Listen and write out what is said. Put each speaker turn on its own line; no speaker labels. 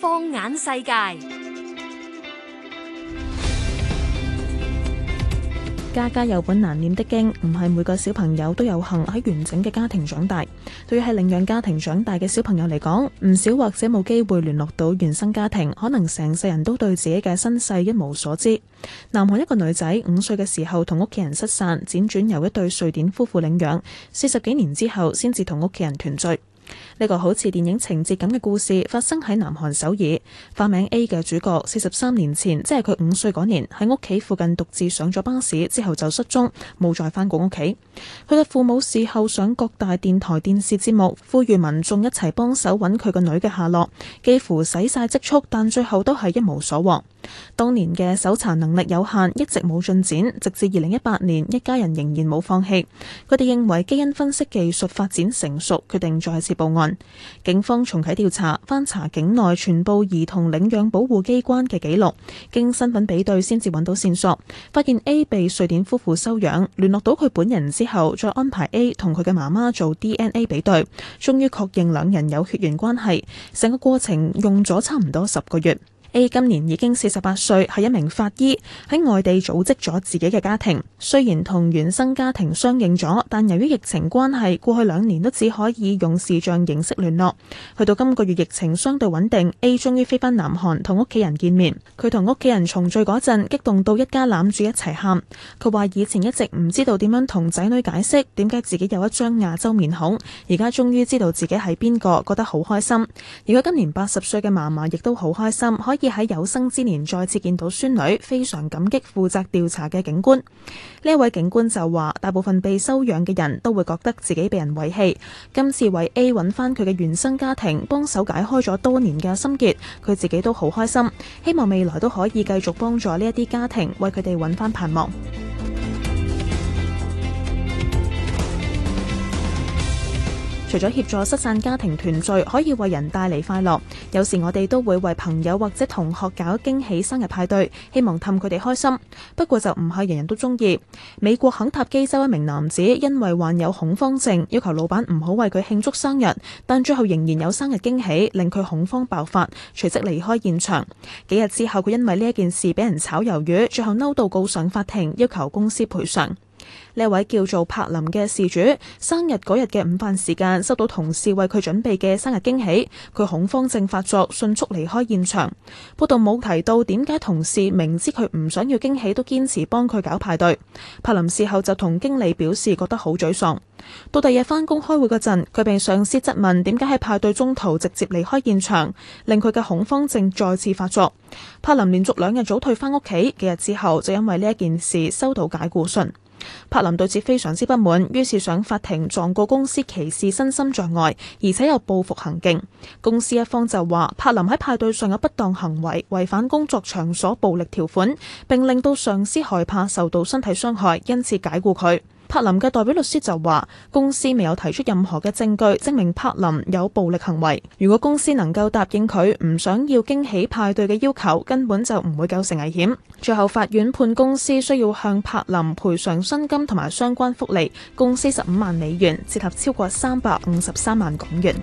放眼世界。家家有本難念的經，唔係每個小朋友都有幸喺完整嘅家庭長大。對於喺領養家庭長大嘅小朋友嚟講，唔少或者冇機會聯絡到原生家庭，可能成世人都對自己嘅身世一無所知。南韓一個女仔五歲嘅時候同屋企人失散，輾轉由一對瑞典夫婦領養，四十幾年之後先至同屋企人團聚。呢個好似電影情節咁嘅故事，發生喺南韓首爾。化名 A 嘅主角，四十三年前，即係佢五歲嗰年，喺屋企附近獨自上咗巴士之後就失蹤，冇再返過屋企。佢嘅父母事後上各大電台、電視節目，呼籲民眾一齊幫手揾佢個女嘅下落，幾乎使晒積蓄，但最後都係一無所獲。當年嘅搜查能力有限，一直冇進展，直至二零一八年，一家人仍然冇放棄。佢哋認為基因分析技術發展成熟，決定再次報案。警方重啟調查，翻查境內全部兒童領養保護機關嘅記錄，經身份比對先至揾到線索，發現 A 被瑞典夫婦收養。聯絡到佢本人之後，再安排 A 同佢嘅媽媽做 DNA 比對，終於確認兩人有血緣關係。成個過程用咗差唔多十個月。A 今年已經四十八歲，係一名法醫，喺外地組織咗自己嘅家庭。雖然同原生家庭相認咗，但由於疫情關係，過去兩年都只可以用視像形式聯絡。去到今個月，疫情相對穩定，A 終於飛返南韓同屋企人見面。佢同屋企人重聚嗰陣，激動到一家攬住一齊喊。佢話：以前一直唔知道點樣同仔女解釋點解自己有一張亞洲面孔，而家終於知道自己係邊個，覺得好開心。而佢今年八十歲嘅嫲嫲亦都好開心，可可以喺有生之年再次見到孫女，非常感激負責調查嘅警官。呢一位警官就話：大部分被收養嘅人都會覺得自己被人遺棄。今次為 A 揾翻佢嘅原生家庭，幫手解開咗多年嘅心結，佢自己都好開心。希望未來都可以繼續幫助呢一啲家庭，為佢哋揾翻盼望。除咗協助失散家庭團聚，可以為人帶嚟快樂，有時我哋都會為朋友或者同學搞驚喜生日派對，希望氹佢哋開心。不過就唔係人人都鍾意。美國肯塔基州一名男子因為患有恐慌症，要求老闆唔好為佢慶祝生日，但最後仍然有生日驚喜令佢恐慌爆發，隨即離開現場。幾日之後，佢因為呢一件事俾人炒魷魚，最後嬲到告上法庭，要求公司賠償。呢位叫做柏林嘅事主，生日嗰日嘅午飯時間收到同事為佢準備嘅生日驚喜，佢恐慌症發作，迅速離開現場。報道冇提到點解同事明知佢唔想要驚喜，都堅持幫佢搞派對。柏林事後就同經理表示，覺得好沮喪。到第二日返工開會嗰陣，佢被上司質問點解喺派對中途直接離開現場，令佢嘅恐慌症再次發作。柏林連續兩日早退翻屋企，幾日之後就因為呢一件事收到解僱信。柏林對此非常之不滿，於是上法庭狀告公司歧視身心障礙，而且有報復行徑。公司一方就話柏林喺派對上有不當行為，違反工作場所暴力條款，並令到上司害怕受到身體傷害，因此解僱佢。柏林嘅代表律師就話，公司未有提出任何嘅證據證明柏林有暴力行為。如果公司能夠答應佢唔想要驚喜派對嘅要求，根本就唔會構成危險。最後，法院判公司需要向柏林賠償薪金同埋相關福利，共四十五萬美元，折合超過三百五十三萬港元。